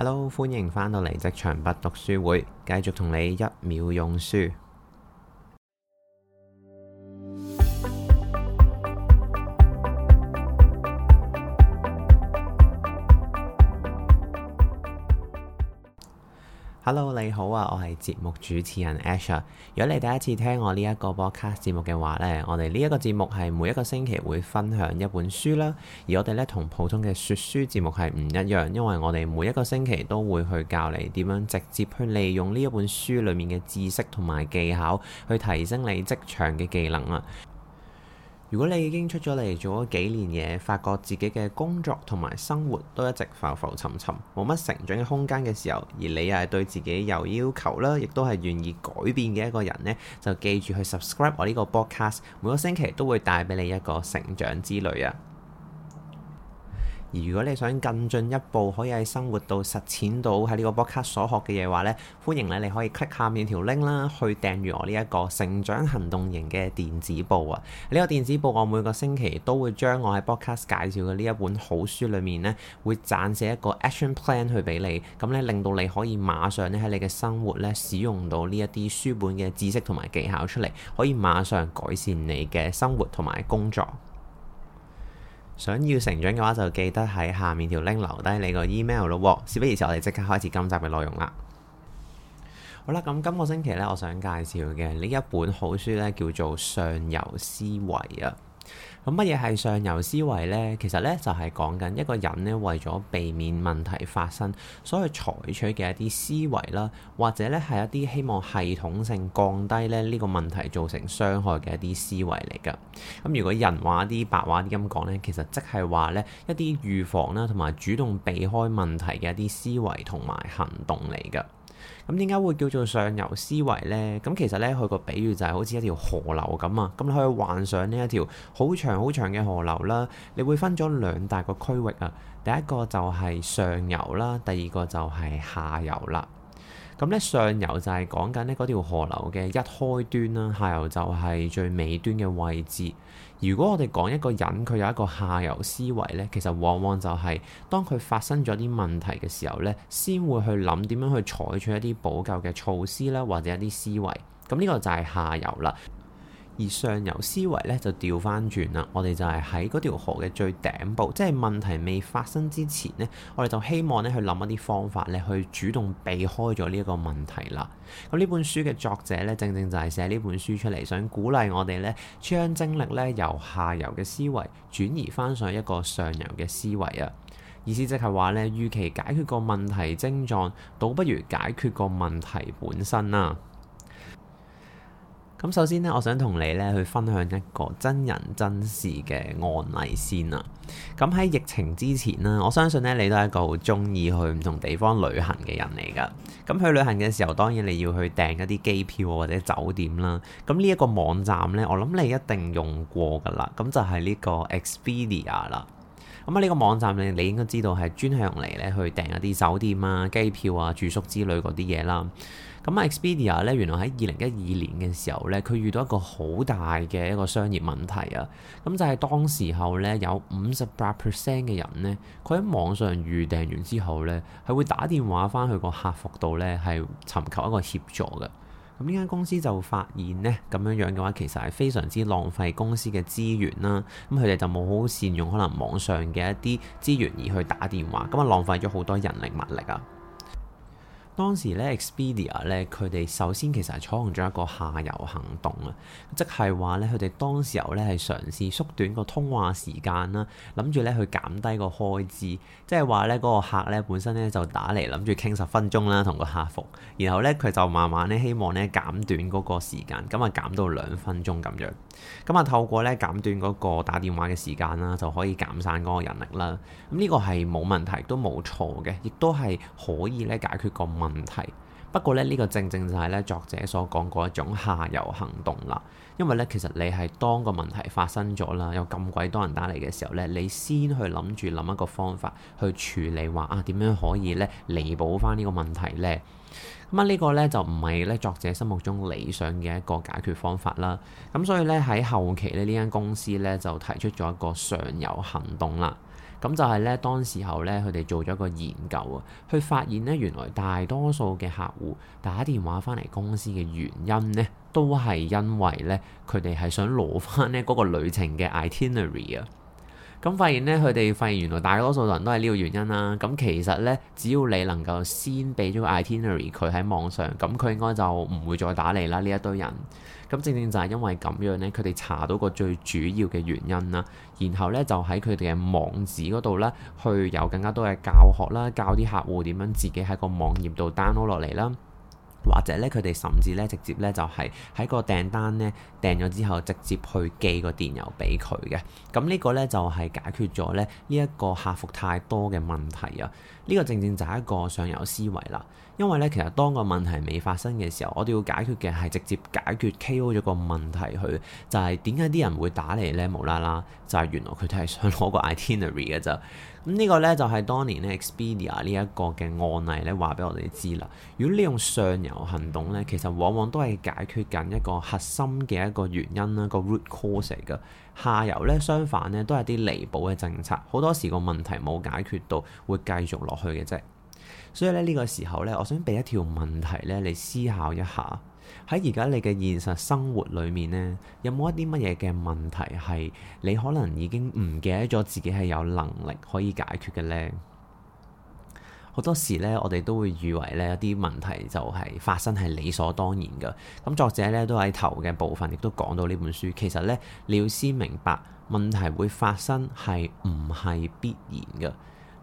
Hello，歡迎返到嚟職場不讀書會，繼續同你一秒用書。好啊，我係節目主持人 Asher。如果你第一次聽我呢一個播客節目嘅話呢，我哋呢一個節目係每一個星期會分享一本書啦。而我哋呢，同普通嘅說書節目係唔一樣，因為我哋每一個星期都會去教你點樣直接去利用呢一本書裏面嘅知識同埋技巧去提升你職場嘅技能啊。如果你已經出咗嚟做咗幾年嘢，發覺自己嘅工作同埋生活都一直浮浮沉沉，冇乜成長嘅空間嘅時候，而你又係對自己有要求啦，亦都係願意改變嘅一個人呢，就記住去 subscribe 我呢個 podcast，每一個星期都會帶俾你一個成長之旅啊！如果你想更進一步，可以喺生活度實踐到喺呢個播客所學嘅嘢嘅話咧，歡迎你。你可以 click 下面條 link 啦，去訂閱我呢一個成長行動型嘅電子報啊！呢個電子報我每個星期都會將我喺播客介紹嘅呢一本好書裏面呢會撰寫一個 action plan 去俾你，咁咧令到你可以馬上咧喺你嘅生活咧使用到呢一啲書本嘅知識同埋技巧出嚟，可以馬上改善你嘅生活同埋工作。想要成長嘅話，就記得喺下面條 link 留低你個 email 咯。事不宜遲，我哋即刻開始今集嘅內容啦。好啦，咁今個星期咧，我想介紹嘅呢一本好書咧，叫做《上遊思維》啊。咁乜嘢係上游思維呢？其實呢，就係講緊一個人呢，為咗避免問題發生，所以採取嘅一啲思維啦，或者呢係一啲希望系統性降低咧呢個問題造成傷害嘅一啲思維嚟㗎。咁如果人話啲白話啲噉講呢，其實即係話呢，一啲預防啦，同埋主動避開問題嘅一啲思維同埋行動嚟㗎。咁點解會叫做上游思維呢？咁其實呢，佢個比喻就係好似一條河流咁啊。咁佢去幻想呢一條好長好長嘅河流啦，你會分咗兩大個區域啊。第一個就係上游啦，第二個就係下游啦。咁呢上游就係講緊呢嗰條河流嘅一開端啦，下游就係最尾端嘅位置。如果我哋講一個人，佢有一個下游思維咧，其實往往就係當佢發生咗啲問題嘅時候咧，先會去諗點樣去採取一啲補救嘅措施啦，或者一啲思維。咁呢個就係下游啦。而上游思維咧就調翻轉啦，我哋就係喺嗰條河嘅最頂部，即係問題未發生之前呢，我哋就希望咧去諗一啲方法咧去主動避開咗呢一個問題啦。咁呢本書嘅作者咧正正就係寫呢本書出嚟，想鼓勵我哋咧將精力咧由下游嘅思維轉移翻上一個上游嘅思維啊。意思即係話咧，與其解決個問題症狀，倒不如解決個問題本身啊。咁首先呢，我想同你咧去分享一個真人真事嘅案例先啊。咁喺疫情之前呢、啊，我相信咧你都係一個好鍾意去唔同地方旅行嘅人嚟㗎。咁去旅行嘅時候，當然你要去訂一啲機票或者酒店啦。咁呢一個網站呢，我諗你一定用過㗎啦。咁就係呢個 Expedia 啦。咁啊，呢個網站呢，你應該知道係專係用嚟咧去訂一啲酒店啊、機票啊、住宿之類嗰啲嘢啦。咁啊，Expedia 咧，原來喺二零一二年嘅時候咧，佢遇到一個好大嘅一個商業問題啊！咁就係當時候咧，有五十八 percent 嘅人咧，佢喺網上預訂完之後咧，係會打電話翻去個客服度咧，係尋求一個協助嘅。咁呢間公司就發現咧，咁樣樣嘅話，其實係非常之浪費公司嘅資源啦啊。咁佢哋就冇好善用可能網上嘅一啲資源而去打電話，咁啊浪費咗好多人力物力啊！當時咧，Expedia 咧，佢哋首先其實係採用咗一個下游行動啊，即係話咧，佢哋當時候咧係嘗試縮短個通話時間啦，諗住咧去減低個開支，即係話咧嗰個客咧本身咧就打嚟諗住傾十分鐘啦，同個客服，然後咧佢就慢慢咧希望咧減短嗰個時間，咁啊減到兩分鐘咁樣。咁啊，透過咧減短嗰個打電話嘅時間啦，就可以減散嗰個人力啦。咁呢個係冇問題，都冇錯嘅，亦都係可以咧解決個問題。不過咧，呢、呢個正正就係咧作者所講過一種下游行動啦。因為咧，其實你係當個問題發生咗啦，有咁鬼多人打嚟嘅時候咧，你先去諗住諗一個方法去處理，話啊點樣可以咧彌補翻呢個問題咧。咁、這、啊、個，呢個咧就唔係咧作者心目中理想嘅一個解決方法啦。咁所以咧喺後期咧呢間公司咧就提出咗一個上游行動啦。咁就係咧，當時候咧，佢哋做咗個研究啊，去發現咧，原來大多數嘅客戶打電話翻嚟公司嘅原因咧，都係因為咧，佢哋係想攞翻咧嗰個旅程嘅 itinerary 啊。咁發現咧，佢哋發現原來大多數人都係呢個原因啦。咁其實咧，只要你能夠先俾咗 itinerary 佢喺網上，咁佢應該就唔會再打你啦。呢一堆人，咁正正就係因為咁樣咧，佢哋查到個最主要嘅原因啦。然後咧，就喺佢哋嘅網址嗰度啦，去有更加多嘅教學啦，教啲客戶點樣自己喺個網頁度 download 落嚟啦。或者咧，佢哋甚至咧，直接咧就係喺個訂單咧訂咗之後，直接去寄個電郵俾佢嘅。咁呢個咧就係解決咗咧呢一個客服太多嘅問題啊！呢個正正就係一個上游思維啦。因為咧，其實當個問題未發生嘅時候，我哋要解決嘅係直接解決 KO 咗個問題去，就係點解啲人會打嚟咧無啦啦？就係原來佢哋係想攞個 itinerary 嘅咋。咁呢個咧就係當年咧 Expedia 呢一個嘅案例咧話俾我哋知啦。如果你用上游行動咧，其實往往都係解決緊一個核心嘅一個原因啦，個 root cause 嚟嘅。下游咧相反咧都係啲彌補嘅政策，好多時個問題冇解決到會繼續落去嘅啫。所以咧呢個時候咧，我想俾一條問題咧你思考一下。喺而家你嘅現實生活裏面呢，有冇一啲乜嘢嘅問題係你可能已經唔記得咗自己係有能力可以解決嘅呢？好多時咧，我哋都會以為呢一啲問題就係發生係理所當然㗎。咁作者咧都喺頭嘅部分亦都講到呢本書，其實呢，你要先明白問題會發生係唔係必然㗎。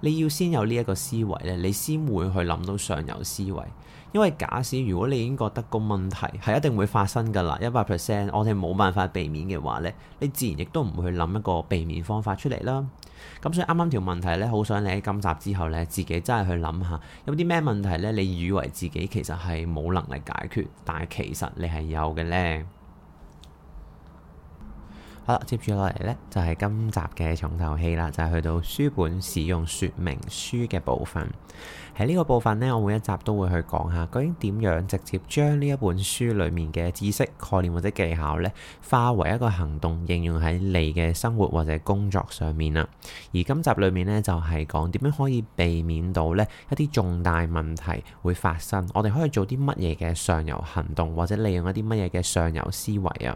你要先有呢一個思維咧，你先會去諗到上游思維。因為假使如果你已經覺得個問題係一定會發生噶啦，一百 percent，我哋冇辦法避免嘅話咧，你自然亦都唔會去諗一個避免方法出嚟啦。咁所以啱啱條問題咧，好想你喺今集之後咧，自己真係去諗下有啲咩問題咧，你以為自己其實係冇能力解決，但係其實你係有嘅咧。接住落嚟呢，就係今集嘅重頭戲啦，就係去到書本使用說明書嘅部分。喺呢個部分呢，我每一集都會去講下，究竟點樣直接將呢一本書裏面嘅知識概念或者技巧呢，化為一個行動，應用喺你嘅生活或者工作上面啊。而今集裏面呢，就係講點樣可以避免到呢一啲重大問題會發生。我哋可以做啲乜嘢嘅上游行動，或者利用一啲乜嘢嘅上游思維啊？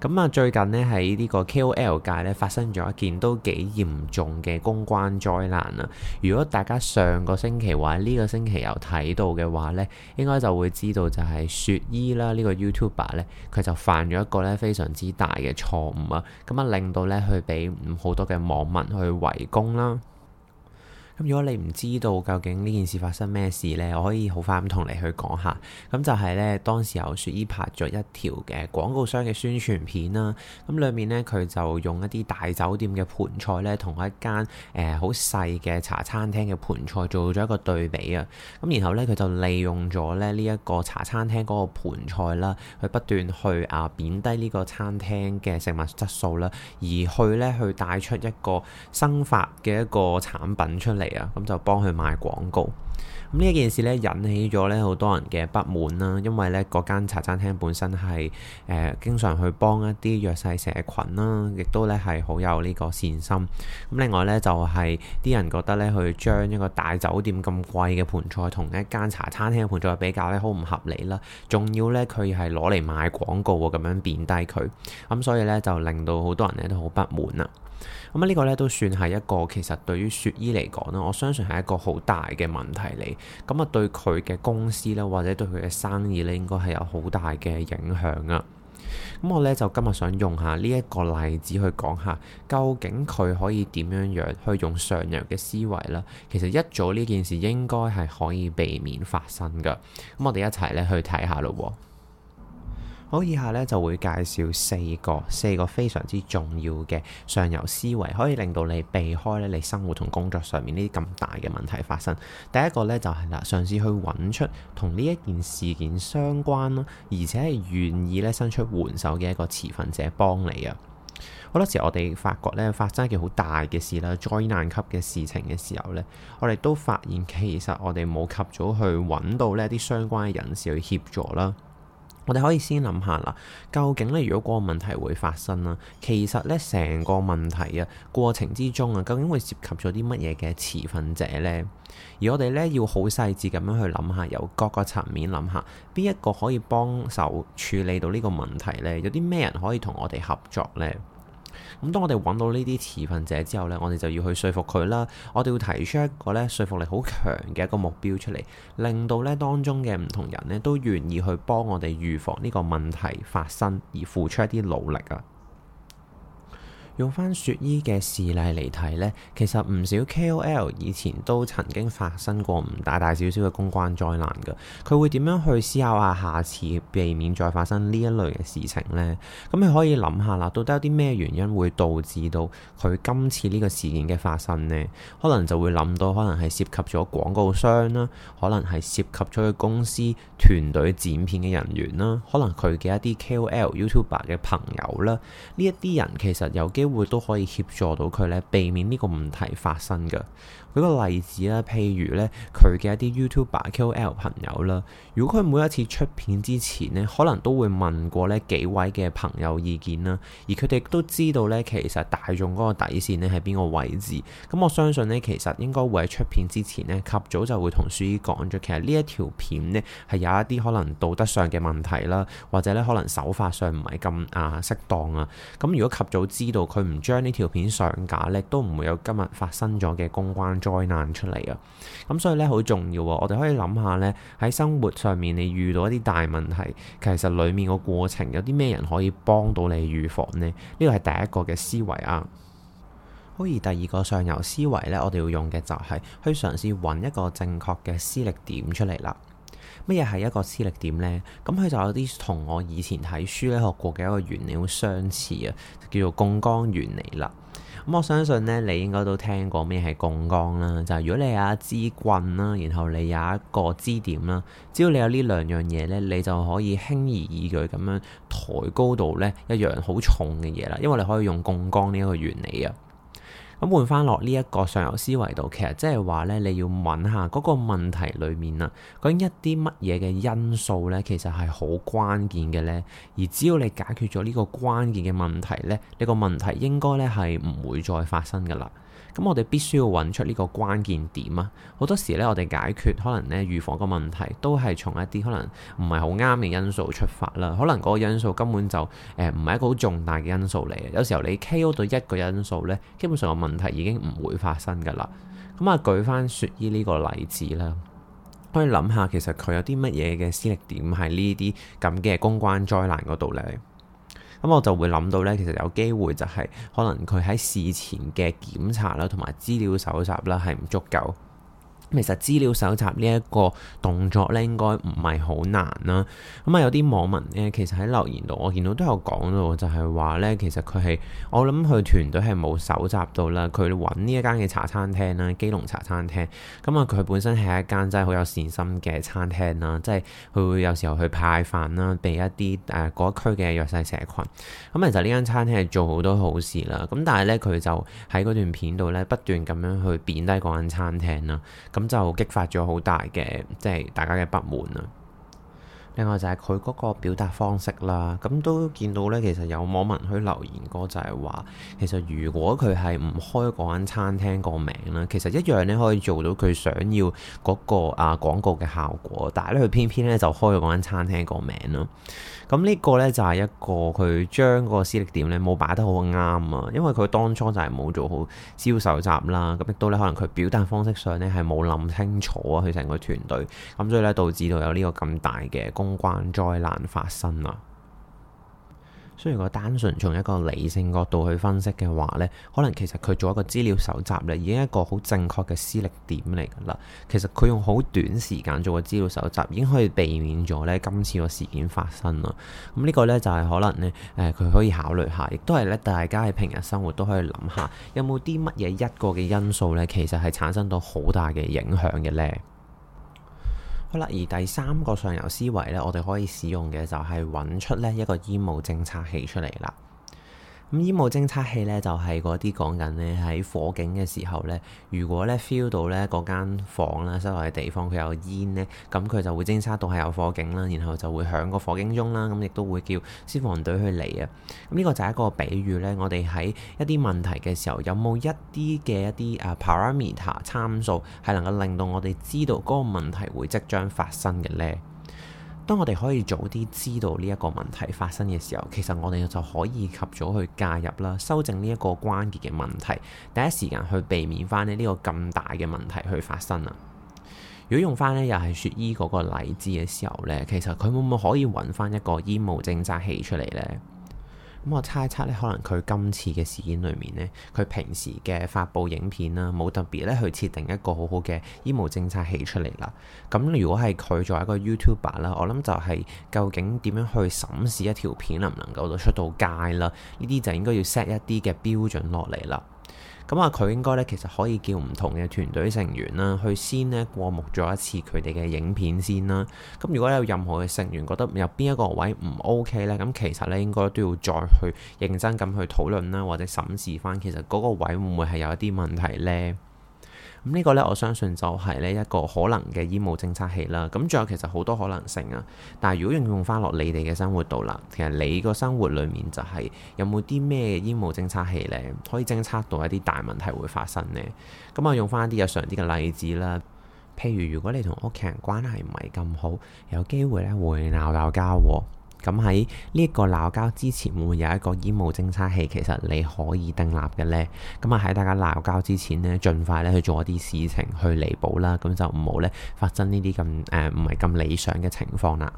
咁啊，最近呢喺呢個 KOL 界咧發生咗一件都幾嚴重嘅公關災難啊！如果大家上個星期或呢個星期有睇到嘅話呢，應該就會知道就係雪姨啦，呢個 YouTuber 呢，佢就犯咗一個呢非常之大嘅錯誤啊！咁啊，令到呢佢俾好多嘅網民去圍攻啦。咁如果你唔知道究竟呢件事發生咩事咧，我可以好快咁同你去講下。咁就係咧，當時有雪姨拍咗一條嘅廣告商嘅宣傳片啦。咁裏面咧，佢就用一啲大酒店嘅盆菜咧，同一間誒好細嘅茶餐廳嘅盆菜做咗一個對比啊。咁然後咧，佢就利用咗咧呢一個茶餐廳嗰個盆菜啦，去不斷去啊貶低呢個餐廳嘅食物質素啦，而去咧去帶出一個生髮嘅一個產品出嚟。咁、嗯、就幫佢賣廣告。咁呢一件事咧引起咗咧好多人嘅不滿啦，因為咧嗰間茶餐廳本身係誒、呃、經常去幫一啲弱勢社群啦，亦都咧係好有呢個善心。咁另外咧就係、是、啲人覺得咧去將一個大酒店咁貴嘅盤菜，同一間茶餐廳嘅盤菜比較咧好唔合理啦。仲要咧佢係攞嚟買廣告啊，咁樣貶低佢。咁所以咧就令到好多人咧都好不滿啊。咁啊呢個咧都算係一個，其實對於雪姨嚟講啦，我相信係一個好大嘅問題。咁啊，對佢嘅公司啦，或者對佢嘅生意咧，應該係有好大嘅影響啊！咁我咧就今日想用下呢一個例子去講下，究竟佢可以點樣樣去用上游嘅思維啦？其實一早呢件事應該係可以避免發生嘅。咁我哋一齊咧去睇下咯。好，以下咧就會介紹四個四個非常之重要嘅上游思維，可以令到你避開咧你生活同工作上面呢啲咁大嘅問題發生。第一個咧就係啦，嘗試去揾出同呢一件事件相關啦，而且係願意咧伸出援手嘅一個持份者幫你啊！好多時我哋發覺咧發生一件好大嘅事啦，災難級嘅事情嘅時候咧，我哋都發現其實我哋冇及早去揾到呢一啲相關嘅人士去協助啦。我哋可以先諗下啦，究竟咧如果個問題會發生啦，其實咧成個問題啊過程之中啊，究竟會涉及咗啲乜嘢嘅持份者呢？而我哋咧要好細緻咁樣去諗下，由各個層面諗下，邊一個可以幫手處理到呢個問題呢？有啲咩人可以同我哋合作呢？咁當我哋揾到呢啲持份者之後呢，我哋就要去說服佢啦。我哋要提出一個呢説服力好強嘅一個目標出嚟，令到呢當中嘅唔同人呢都願意去幫我哋預防呢個問題發生，而付出一啲努力啊！用翻雪姨嘅事例嚟睇呢，其實唔少 KOL 以前都曾經發生過唔大大小小嘅公關災難嘅。佢會點樣去思考下下次避免再發生呢一類嘅事情呢？咁你可以諗下啦，到底有啲咩原因會導致到佢今次呢個事件嘅發生呢？可能就會諗到可，可能係涉及咗廣告商啦，可能係涉及咗佢公司團隊剪片嘅人員啦，可能佢嘅一啲 KOL、YouTuber 嘅朋友啦，呢一啲人其實有機會。會都可以協助到佢咧，避免呢個問題發生嘅。舉個例子啦，譬如呢，佢嘅一啲 YouTube、KOL 朋友啦，如果佢每一次出片之前呢，可能都會問過呢幾位嘅朋友意見啦，而佢哋都知道呢，其實大眾嗰個底線呢係邊個位置，咁我相信呢，其實應該會喺出片之前呢及早就會同雪姨講咗，其實呢一條片呢係有一啲可能道德上嘅問題啦，或者呢可能手法上唔係咁啊適當啊，咁如果及早知道佢唔將呢條片上架呢，都唔會有今日發生咗嘅公關災難出嚟啊！咁所以咧，好重要喎，我哋可以諗下咧，喺生活上面你遇到一啲大問題，其實裡面個過程有啲咩人可以幫到你預防呢？呢個係第一個嘅思維啊。好，而第二個上游思維咧，我哋要用嘅就係、是、去嘗試揾一個正確嘅施力點出嚟啦。乜嘢係一個施力點呢？咁佢就有啲同我以前睇書咧學過嘅一個原理好相似啊，就叫做槓桿原理啦。咁我相信咧，你應該都聽過咩係槓桿啦，就係、是、如果你有一支棍啦，然後你有一個支點啦，只要你有呢兩樣嘢咧，你就可以輕而易舉咁樣抬高度咧一樣好重嘅嘢啦，因為你可以用槓桿呢一個原理啊。咁換翻落呢一個上游思維度，其實即係話咧，你要問下嗰個問題裏面啊，究竟一啲乜嘢嘅因素咧，其實係好關鍵嘅咧。而只要你解決咗呢個關鍵嘅問題咧，呢、呢個問題應該咧係唔會再發生㗎喇。咁我哋必須要揾出呢個關鍵點啊！好多時呢，我哋解決可能咧預防個問題，都係從一啲可能唔係好啱嘅因素出發啦。可能嗰個因素根本就誒唔係一個好重大嘅因素嚟。有時候你 KO 到一個因素呢，基本上個問題已經唔會發生噶啦。咁啊，舉翻雪姨呢個例子啦，可以諗下其實佢有啲乜嘢嘅先例點喺呢啲咁嘅公關災難嗰度呢？咁我就會諗到咧，其實有機會就係可能佢喺事前嘅檢查啦，同埋資料搜集啦係唔足夠。其實資料搜集呢一個動作咧，應該唔係好難啦。咁啊，有啲網民咧，其實喺留言度，我見到都有講到，就係話咧，其實佢係我諗佢團隊係冇搜集到啦。佢揾呢一間嘅茶餐廳啦，基隆茶餐廳。咁啊，佢本身係一間真係好有善心嘅餐廳啦，即係佢會有時候去派飯啦，俾一啲誒嗰區嘅弱勢社群。咁其實呢間餐廳係做好多好事啦。咁但係咧，佢就喺嗰段片度咧，不斷咁樣去貶低嗰間餐廳啦。咁就激發咗好大嘅，即係大家嘅不滿啊。另外就係佢嗰個表達方式啦，咁都見到呢，其實有網民去留言過就係話，其實如果佢係唔開嗰間餐廳個名啦，其實一樣咧可以做到佢想要嗰個啊廣告嘅效果，但係咧佢偏偏咧就開咗嗰間餐廳個名咯。咁呢個呢，就係一個佢將嗰個私力點呢冇擺得好啱啊，因為佢當初就係冇做好銷售集啦，咁亦都可能佢表達方式上呢係冇諗清楚啊，佢成個團隊，咁所以呢導致到有呢個咁大嘅功。關災難發生啦。雖然我單純從一個理性角度去分析嘅話呢，可能其實佢做一個資料搜集咧，已經係一個好正確嘅私力點嚟噶啦。其實佢用好短時間做個資料搜集，已經可以避免咗呢今次個事件發生啦。咁呢個呢，就係可能呢，誒佢可以考慮下，亦都係咧大家喺平日生活都可以諗下，有冇啲乜嘢一個嘅因素呢，其實係產生到好大嘅影響嘅呢。好啦，而第三個上游思維咧，我哋可以使用嘅就係揾出咧一個煙霧偵測器出嚟啦。咁煙霧偵測器咧，就係嗰啲講緊咧，喺火警嘅時候咧，如果咧 feel 到咧嗰間房啦、室內嘅地方佢有煙咧，咁佢就會偵測到係有火警啦，然後就會響個火警鐘啦，咁亦都會叫消防隊去嚟啊。咁呢個就係一個比喻咧，我哋喺一啲問題嘅時候，有冇一啲嘅一啲啊 parameter 參數係能夠令到我哋知道嗰個問題會即將發生嘅咧？當我哋可以早啲知道呢一個問題發生嘅時候，其實我哋就可以及早去介入啦，修正呢一個關鍵嘅問題，第一時間去避免翻呢呢個咁大嘅問題去發生啊！如果用翻呢又係雪姨嗰個例子嘅時候呢，其實佢會唔會可以揾翻一個煙霧偵測器出嚟呢？咁我猜測咧，可能佢今次嘅事件裏面咧，佢平時嘅發布影片啦，冇特別咧去設定一個好好嘅醫務政策起出嚟啦。咁如果係佢作為一個 YouTuber 啦，我諗就係究竟點樣去審視一條片能唔能夠到出到街啦？呢啲就應該要 set 一啲嘅標準落嚟啦。咁啊，佢應該咧，其實可以叫唔同嘅團隊成員啦，去先咧過目咗一次佢哋嘅影片先啦。咁如果有任何嘅成員覺得有邊一個位唔 OK 咧，咁其實咧應該都要再去認真咁去討論啦，或者審視返，其實嗰個位會唔會係有一啲問題咧？咁呢個呢，我相信就係咧一個可能嘅煙霧偵測器啦。咁仲有其實好多可能性啊。但係如果應用翻落你哋嘅生活度啦，其實你個生活裡面就係、是、有冇啲咩煙霧偵測器呢，可以偵測到一啲大問題會發生呢？咁啊，用翻啲日常啲嘅例子啦。譬如如果你同屋企人關係唔係咁好，有機會呢會鬧鬧交。咁喺呢一個鬧交之前，會唔會有一個煙霧偵測器？其實你可以訂立嘅呢。咁啊喺大家鬧交之前呢，盡快咧去做一啲事情去彌補啦。咁就唔好咧發生呢啲咁誒唔係咁理想嘅情況啦。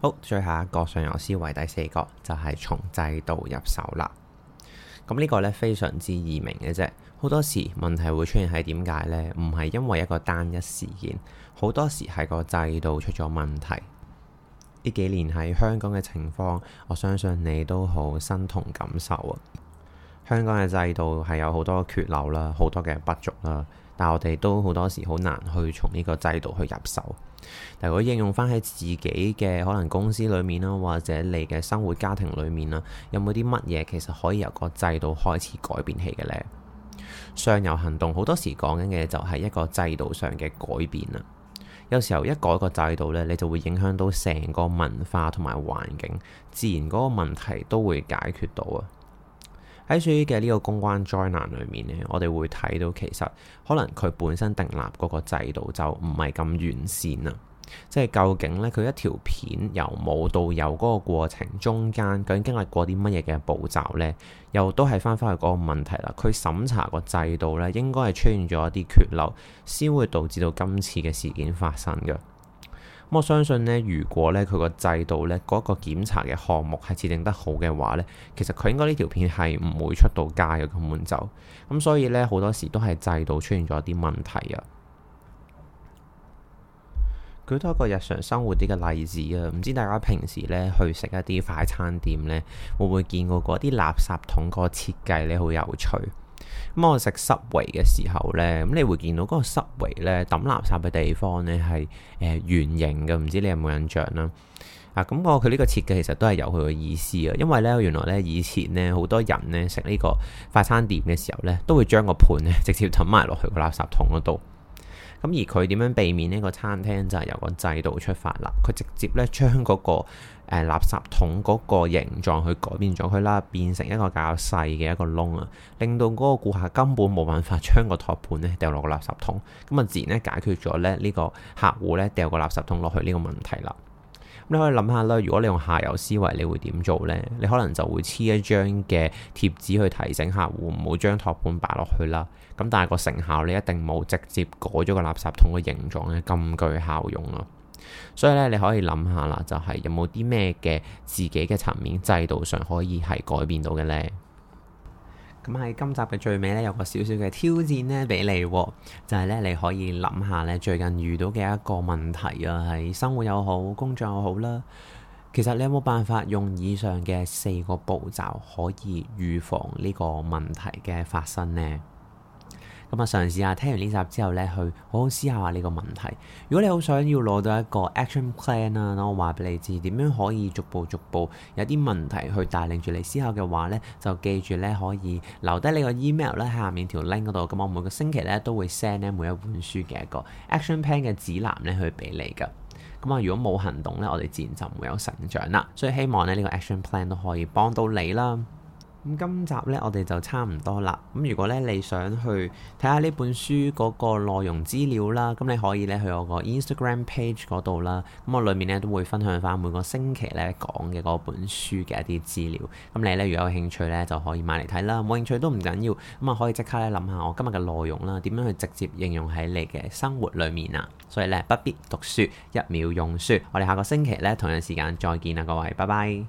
好，最後一個上游思維第四個就係、是、從制度入手啦。咁呢個咧非常之易明嘅啫。好多時問題會出現喺點解呢？唔係因為一個單一事件，好多時係個制度出咗問題。呢幾年喺香港嘅情況，我相信你都好身同感受啊！香港嘅制度係有好多缺漏啦，好多嘅不足啦，但我哋都好多時好難去從呢個制度去入手。但如果應用翻喺自己嘅可能公司裏面啦，或者你嘅生活家庭裏面啦，有冇啲乜嘢其實可以由個制度開始改變起嘅呢？上游行動好多時講緊嘅就係一個制度上嘅改變啦。有時候一改一個制度咧，你就會影響到成個文化同埋環境，自然嗰個問題都會解決到啊。喺雪姨嘅呢個公關災難裏面咧，我哋會睇到其實可能佢本身訂立嗰個制度就唔係咁完善啊。即係究竟咧，佢一條片由冇到有嗰個過程中間，究竟經歷過啲乜嘢嘅步驟呢？又都係翻翻去嗰個問題啦。佢審查個制度咧，應該係出現咗一啲缺漏，先會導致到今次嘅事件發生嘅。咁我相信呢，如果咧佢個制度咧嗰個檢查嘅項目係設定得好嘅話咧，其實佢應該呢條片係唔會出到街嘅咁滿就。咁所以咧，好多時都係制度出現咗一啲問題啊。舉多一個日常生活啲嘅例子啊！唔知大家平時咧去食一啲快餐店咧，會唔會見過嗰啲垃圾桶個設計咧好有趣？咁我食 Subway 嘅時候咧，咁你會見到嗰個 Subway 咧抌垃圾嘅地方咧係誒圓形嘅，唔知你有冇印象啦？啊，咁我佢呢個設計其實都係有佢嘅意思啊！因為咧，原來咧以前咧好多人咧食呢個快餐店嘅時候咧，都會將個盤咧直接抌埋落去個垃圾桶嗰度。咁而佢點樣避免呢個餐廳就係由個制度出發啦。佢直接咧將嗰個、呃、垃圾桶嗰個形狀去改變咗佢啦，變成一個較細嘅一個窿啊，令到嗰個顧客根本冇辦法將個托盤咧掉落個垃圾桶，咁啊自然咧解決咗咧呢、呢個客戶咧掉個垃圾桶落去呢個問題啦。你可以諗下啦，如果你用下游思維，你會點做呢？你可能就會黐一張嘅貼紙去提醒客戶唔好將托盤擺落去啦。咁但係個成效，你一定冇直接改咗個垃圾桶嘅形狀咧，咁具效用咯。所以咧，你可以諗下啦，就係、是、有冇啲咩嘅自己嘅層面制度上可以係改變到嘅呢？咁喺今集嘅最尾咧，有個少少嘅挑戰咧俾你，就係、是、咧你可以諗下咧最近遇到嘅一個問題啊，係、就是、生活又好，工作又好啦。其實你有冇辦法用以上嘅四個步驟可以預防呢個問題嘅發生呢？咁啊，嘗試下聽完呢集之後咧，去好好思考下呢個問題。如果你好想要攞到一個 action plan 啊，我話俾你知點樣可以逐步逐步有啲問題去帶領住你思考嘅話咧，就記住咧可以留低你個 email 咧下面條 link 度。咁我每個星期咧都會 send 咧每一本書嘅一個 action plan 嘅指南咧去俾你噶。咁啊，如果冇行動咧，我哋自然就唔會有成長啦。所以希望咧呢個 action plan 都可以幫到你啦。咁今集呢，我哋就差唔多啦。咁如果呢，你想去睇下呢本書嗰個內容資料啦，咁你可以呢去我個 Instagram page 嗰度啦。咁我裏面呢，都會分享返每個星期呢講嘅嗰本書嘅一啲資料。咁你呢，如果有興趣呢，就可以買嚟睇啦。冇興趣都唔緊要，咁啊可以即刻呢諗下我今日嘅內容啦，點樣去直接應用喺你嘅生活裏面啊？所以呢，不必讀書，一秒用書。我哋下個星期呢，同樣時間再見啦，各位，拜拜。